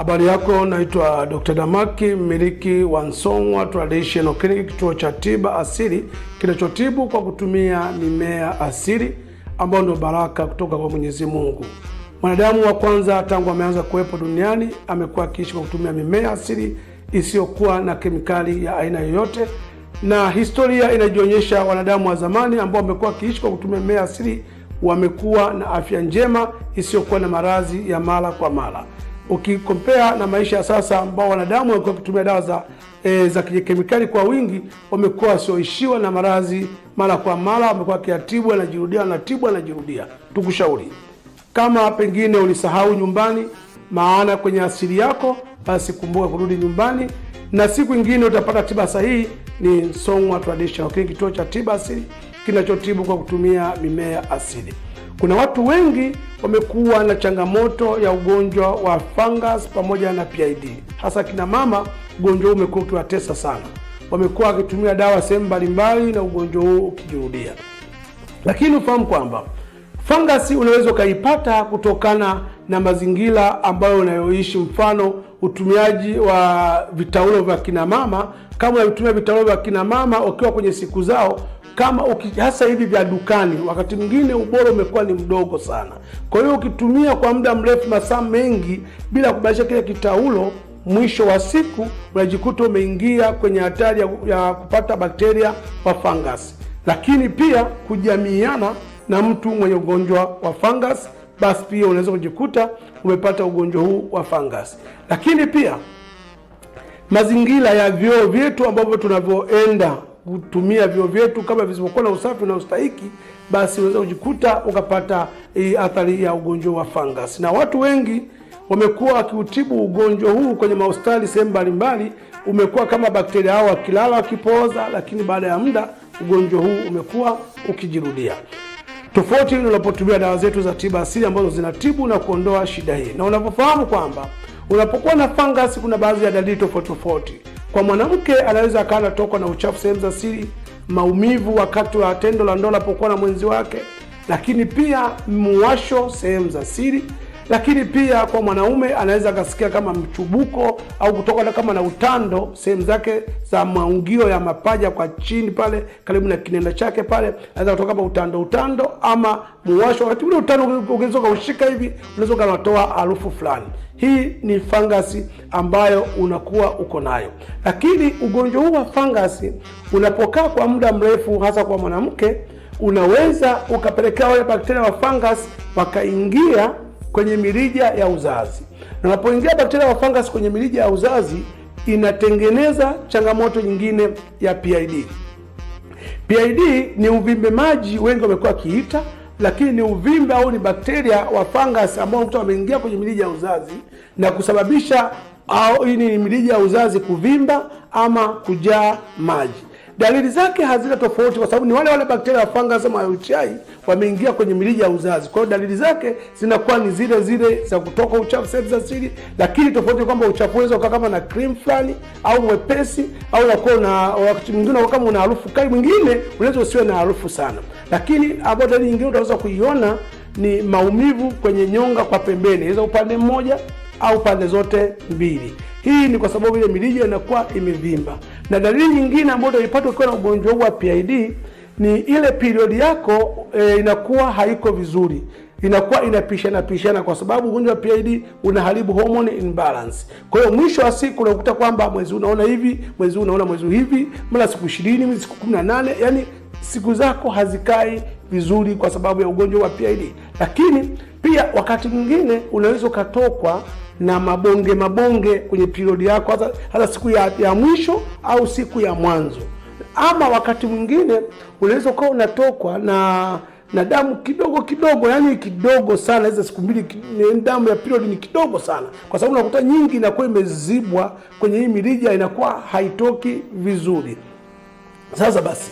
Habari yako, naitwa Dr. Damaki, mmiliki wa Song'wa Traditional Clinic, kituo cha tiba asili kinachotibu kwa kutumia mimea asili ambayo ndio baraka kutoka kwa Mwenyezi Mungu. Mwanadamu wa kwanza tangu ameanza kuwepo duniani amekuwa akiishi kwa kutumia mimea asili isiyokuwa na kemikali ya aina yoyote, na historia inajionyesha wanadamu wa zamani ambao wamekuwa wakiishi kwa kutumia mimea asili wamekuwa na afya njema isiyokuwa na maradhi ya mara kwa mara ukikompea na maisha ya sasa ambao wanadamu wamekuwa wakitumia dawa za e, za kemikali kwa wingi, wamekuwa wasioishiwa na maradhi mara kwa mara, wamekuwa wakiatibu, anajirudia, anatibu, anajirudia. Tukushauri kama pengine ulisahau nyumbani, maana kwenye asili yako, basi kumbuka kurudi nyumbani, na siku nyingine utapata tiba sahihi. Ni Song'wa Traditional Clinic, kituo cha tiba asili kinachotibu kwa kutumia mimea asili. Kuna watu wengi wamekuwa na changamoto ya ugonjwa wa fungus pamoja na PID, hasa kina mama. Ugonjwa huu umekuwa ukiwatesa sana, wamekuwa wakitumia dawa sehemu mbalimbali na ugonjwa huu ukijirudia. Lakini ufahamu kwamba fangasi unaweza ukaipata kutokana na mazingira ambayo unayoishi, mfano utumiaji wa vitaulo vya kina mama. Kama unatumia vitaulo vya kina mama wakiwa kwenye siku zao kama uki, hasa hivi vya dukani, wakati mwingine ubora umekuwa ni mdogo sana. Kwa hiyo ukitumia kwa muda mrefu, masaa mengi bila kubadilisha kile kitaulo, mwisho wa siku unajikuta umeingia kwenye hatari ya kupata bakteria wa fangasi, lakini pia kujamiana na mtu mwenye ugonjwa wa fangasi, basi pia unaweza kujikuta umepata ugonjwa huu wa fangasi. Lakini pia mazingira ya vyoo vyetu ambavyo tunavyoenda kutumia vyoo vyetu kama visivyokuwa na usafi na ustahiki, basi unaweza kujikuta ukapata e, athari ya ugonjwa wa fungus. Na watu wengi wamekuwa wakiutibu ugonjwa huu kwenye mahospitali sehemu mbalimbali, umekuwa kama bakteria hao wakilala, wakipooza, lakini baada ya muda ugonjwa huu umekuwa ukijirudia. Tofauti unapotumia dawa zetu za tiba asili ambazo zinatibu na kuondoa shida hii, na unavyofahamu kwamba unapokuwa na fangasi, kuna baadhi ya dalili tofauti tofauti kwa mwanamke anaweza akawa anatokwa na uchafu sehemu za siri, maumivu wakati wa tendo la ndoa anapokuwa na mwenzi wake, lakini pia mwasho sehemu za siri lakini pia kwa mwanaume anaweza akasikia kama mchubuko au kutoka kama na utando sehemu zake za maungio ya mapaja kwa chini pale karibu na kinenda chake pale, anaweza kutoka kama utando utando ama muwasho. Wakati ule utando ukiweza ukaushika hivi, unaweza ukanatoa harufu fulani. Hii ni fangasi ambayo unakuwa uko nayo, lakini ugonjwa huu wa fangasi unapokaa kwa muda mrefu, hasa kwa mwanamke, unaweza ukapelekea wale bakteria wa fangasi wakaingia kwenye mirija ya uzazi, na unapoingia bakteria wa fungus kwenye mirija ya uzazi inatengeneza changamoto nyingine ya PID. PID ni uvimbe maji, wengi wamekuwa wakiita, lakini ni uvimbe au ni bakteria wa fungus ambao unakuta wameingia kwenye mirija ya uzazi na kusababisha au ni mirija ya uzazi kuvimba ama kujaa maji dalili zake hazina tofauti, kwa sababu ni wale wale bakteria wa fungus ama UTI wameingia kwenye mirija ya uzazi. Kwa hiyo dalili zake zinakuwa ni zile zile za kutoka uchafu sehemu za siri, lakini tofauti kwamba uchafu unaweza ukawa kama na cream fulani au mwepesi au unakuwa na wakati mwingine kama una harufu kali, mwingine unaweza usiwe na harufu sana, lakini ambayo dalili nyingine utaweza kuiona ni maumivu kwenye nyonga kwa pembeni, iza upande mmoja au pande zote mbili. Hii ni kwa sababu ile mirija inakuwa imevimba. Na dalili nyingine ambayo utaipata ukiwa na ugonjwa huu wa PID ni ile period yako e, inakuwa haiko vizuri inakuwa inapishana pishana, kwa sababu ugonjwa wa PID unaharibu hormone imbalance. Kwa hiyo mwisho wa siku unakuta kwamba mwezi unaona hivi, mwezi unaona mwezi hivi, mara siku 20, siku 18, yani siku zako hazikai vizuri kwa sababu ya ugonjwa wa PID. Lakini pia wakati mwingine unaweza ukatokwa na mabonge mabonge kwenye periodi yako, hata, hata siku ya, ya mwisho au siku ya mwanzo. Ama wakati mwingine unaweza ukawa unatokwa na na damu kidogo kidogo, yani kidogo sana. Hizo siku mbili damu ya period ni kidogo sana, kwa sababu unakuta nyingi inakuwa imezibwa kwenye hii mirija, inakuwa haitoki vizuri. Sasa basi,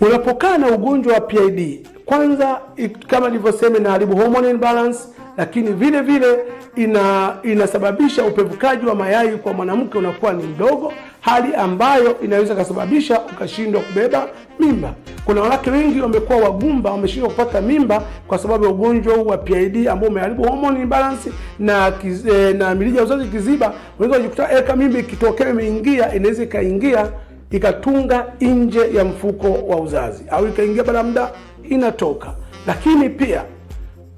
unapokaa na ugonjwa wa PID, kwanza it, kama nilivyosema inaharibu hormone imbalance lakini vile vile ina inasababisha upevukaji wa mayai kwa mwanamke unakuwa ni mdogo, hali ambayo inaweza ikasababisha ukashindwa kubeba mimba. Kuna wanawake wengi wamekuwa wagumba, wameshindwa kupata mimba kwa sababu ya ugonjwa huu wa PID ambao umeharibu hormone imbalance na kiz, eh, na mirija uzazi kiziba. Unaweza kujikuta eka eh, mimba ikitokea imeingia, inaweza ikaingia ikatunga nje ya mfuko wa uzazi au ikaingia baada ya muda inatoka, lakini pia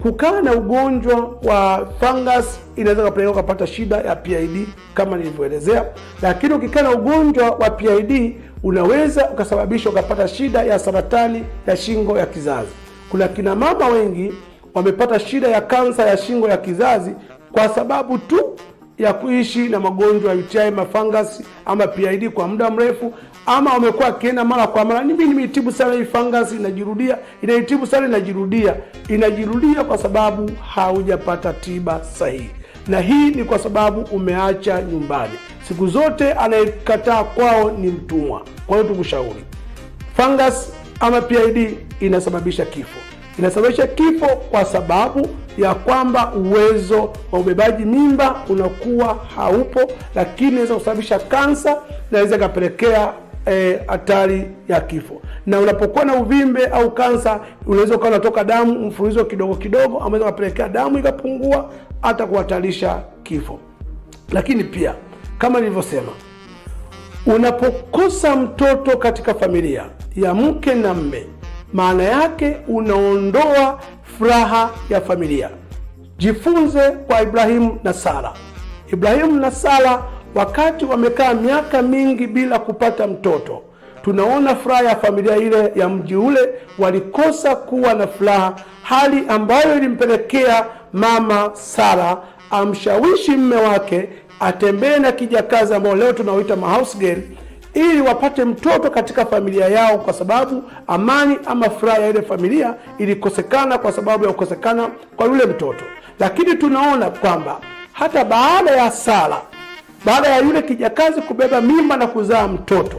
kukaa na ugonjwa wa fungus inaweza kapelekea ukapata shida ya PID kama nilivyoelezea, lakini ukikaa na ugonjwa wa PID unaweza ukasababisha ukapata shida ya saratani ya shingo ya kizazi. Kuna kina mama wengi wamepata shida ya kansa ya shingo ya kizazi kwa sababu tu ya kuishi na magonjwa ya UTI, mafungus ama PID kwa muda mrefu, ama wamekuwa akienda mara kwa mara, mimi nimeitibu sana hii fangasi, inajirudia inaitibu sana, inajirudia inajirudia, kwa sababu haujapata tiba sahihi, na hii ni kwa sababu umeacha nyumbani. Siku zote anayekataa kwao ni mtumwa. Kwa hiyo tukushauri, fangasi ama PID inasababisha kifo, inasababisha kifo kwa sababu ya kwamba uwezo wa ubebaji mimba unakuwa haupo, lakini inaweza kusababisha kansa, naweza ikapelekea Eh, hatari e, ya kifo. Na unapokuwa na uvimbe au kansa, unaweza ukawa unatoka damu mfululizo kidogo kidogo, ambayo inapelekea damu ikapungua, hata kuhatarisha kifo. Lakini pia kama nilivyosema, unapokosa mtoto katika familia ya mke na mme, maana yake unaondoa furaha ya familia. Jifunze kwa Ibrahimu na Sara. Ibrahimu na Sara wakati wamekaa miaka mingi bila kupata mtoto. Tunaona furaha ya familia ile ya mji ule, walikosa kuwa na furaha, hali ambayo ilimpelekea mama Sara amshawishi mme wake atembee na kijakazi ambao leo tunaoita mahouse girl ili wapate mtoto katika familia yao, kwa sababu amani ama furaha ya ile familia ilikosekana kwa sababu ya kukosekana kwa yule mtoto. Lakini tunaona kwamba hata baada ya Sara baada ya yule kijakazi kubeba mimba na kuzaa mtoto.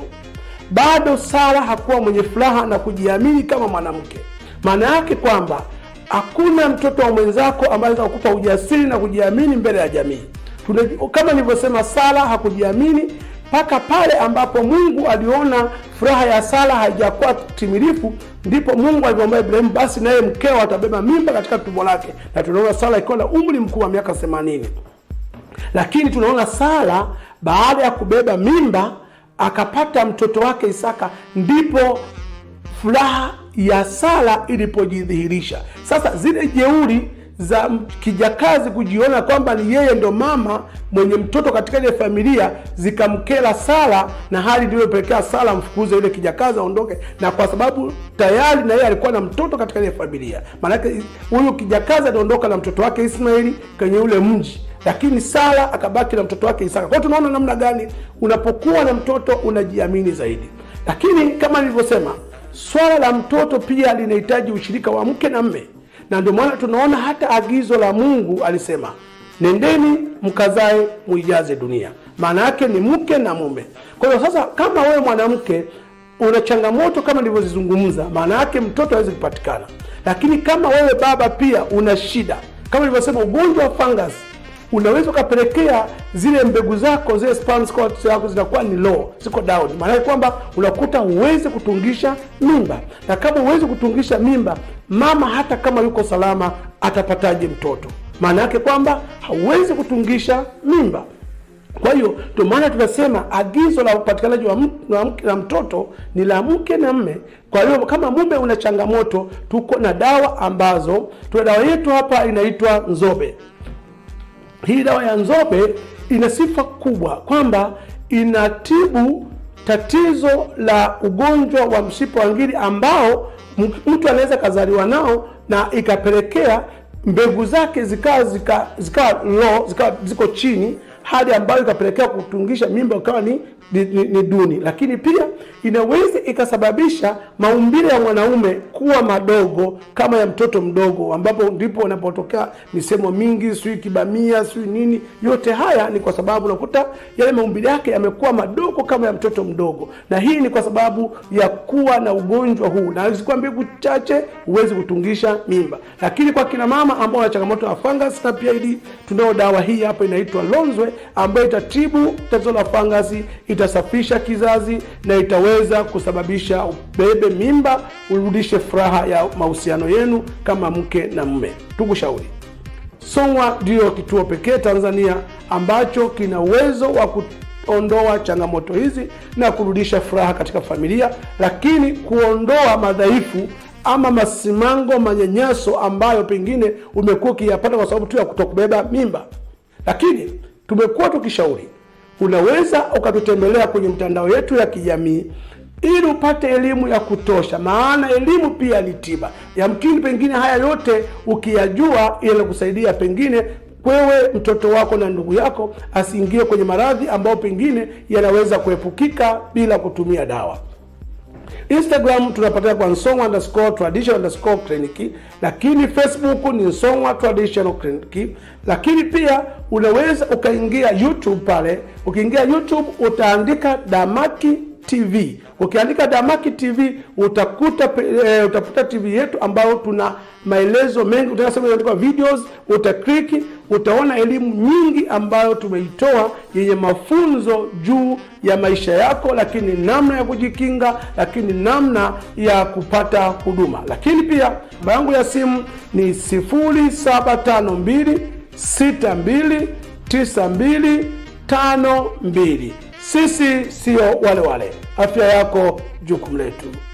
Bado Sara hakuwa mwenye furaha na kujiamini kama mwanamke. Maana yake kwamba hakuna mtoto wa mwenzako ambaye akupa kukupa ujasiri na kujiamini mbele ya jamii. Kama nilivyosema, Sara hakujiamini mpaka pale ambapo Mungu aliona furaha ya Sara haijakuwa timilifu, ndipo Mungu alimwambia Ibrahimu, basi naye mkeo atabeba mimba katika tumbo lake, na tunaona Sara ikiwa na umri mkuu wa miaka themanini. Lakini tunaona Sara baada ya kubeba mimba akapata mtoto wake Isaka, ndipo furaha ya Sara ilipojidhihirisha. Sasa zile jeuri za kijakazi kujiona kwamba ni yeye ndo mama mwenye mtoto katika ile familia zikamkera Sara, na hali iliyopelekea Sara mfukuze yule kijakazi aondoke, na kwa sababu tayari na yeye alikuwa na mtoto katika ile familia, maanake huyu kijakazi aliondoka na mtoto wake ismaeli kwenye ule mji lakini Sara akabaki na mtoto wake Isaka. Kwa hiyo tunaona namna gani unapokuwa na mtoto unajiamini zaidi, lakini kama nilivyosema, swala la mtoto pia linahitaji ushirika wa mke na mme, na ndio maana tunaona hata agizo la Mungu alisema, nendeni mkazae muijaze dunia. Maana yake ni mke na mume. Kwa hiyo sasa, kama wewe mwanamke una changamoto kama nilivyozizungumza, maana yake mtoto hawezi kupatikana. Lakini kama wewe baba pia una shida kama nilivyosema, ugonjwa wa fangasi unaweza ukapelekea zile mbegu zako zile spinal cord zako zinakuwa ni low, ziko down. Maana kwamba unakuta huwezi kutungisha mimba, na kama huwezi kutungisha mimba, mama hata kama yuko salama atapataje mtoto? Maana yake kwamba hauwezi kutungisha mimba. Kwa hiyo ndio maana tunasema agizo la upatikanaji wa mke na mtoto ni la mke na mme. Kwa hiyo kama mume una changamoto, tuko na dawa ambazo tuna dawa yetu hapa inaitwa Nzobe. Hii dawa ya Nzobe ina sifa kubwa kwamba inatibu tatizo la ugonjwa wa mshipa wa ngiri ambao mtu anaweza kazaliwa nao na ikapelekea mbegu zake zikawa zika, zika low zika, ziko chini, hali ambayo ikapelekea kutungisha mimba ukawa ni, ni, ni, ni duni, lakini pia inaweza ikasababisha maumbile ya mwanaume kuwa madogo kama ya mtoto mdogo, ambapo ndipo unapotokea misemo mingi, sijui kibamia, sijui nini. Yote haya ni kwa sababu unakuta yale maumbile yake yamekuwa madogo kama ya mtoto mdogo, na hii ni kwa sababu ya kuwa na ugonjwa huu, na zikuwa mbegu chache huwezi kutungisha mimba. Lakini kwa kina mama ambao wana changamoto ya fangasi na PID, tunao dawa hii hapa inaitwa Lonzwe ambayo itatibu tatizo la fangasi, itasafisha kizazi na ita inaweza kusababisha ubebe mimba, urudishe furaha ya mahusiano yenu kama mke na mme. Tukushauri, Song'wa ndiyo kituo pekee Tanzania ambacho kina uwezo wa kuondoa changamoto hizi na kurudisha furaha katika familia, lakini kuondoa madhaifu ama masimango, manyanyaso ambayo pengine umekuwa ukiyapata kwa sababu tu ya kutokubeba mimba. Lakini tumekuwa tukishauri unaweza ukatutembelea kwenye mtandao yetu ya kijamii ili upate elimu ya kutosha, maana elimu pia ni tiba. Yamkini pengine haya yote ukiyajua, yanakusaidia pengine wewe mtoto wako na ndugu yako asiingie kwenye maradhi ambayo pengine yanaweza kuepukika bila kutumia dawa. Instagram tunapatia kwa Song'wa underscore tradition underscore clinic, lakini Facebook ni Song'wa traditional clinic, lakini pia unaweza ukaingia YouTube pale. Ukiingia YouTube utaandika Damaki TV. Ukiandika Damaki TV utakuta e, utakuta TV yetu ambayo tuna maelezo mengi, utasema inaandikwa videos, utakliki, utaona elimu nyingi ambayo tumeitoa yenye mafunzo juu ya maisha yako, lakini namna ya kujikinga, lakini namna ya kupata huduma. Lakini pia namba yangu ya simu ni 0752 629252 sisi sio wale wale. Afya yako jukumu letu.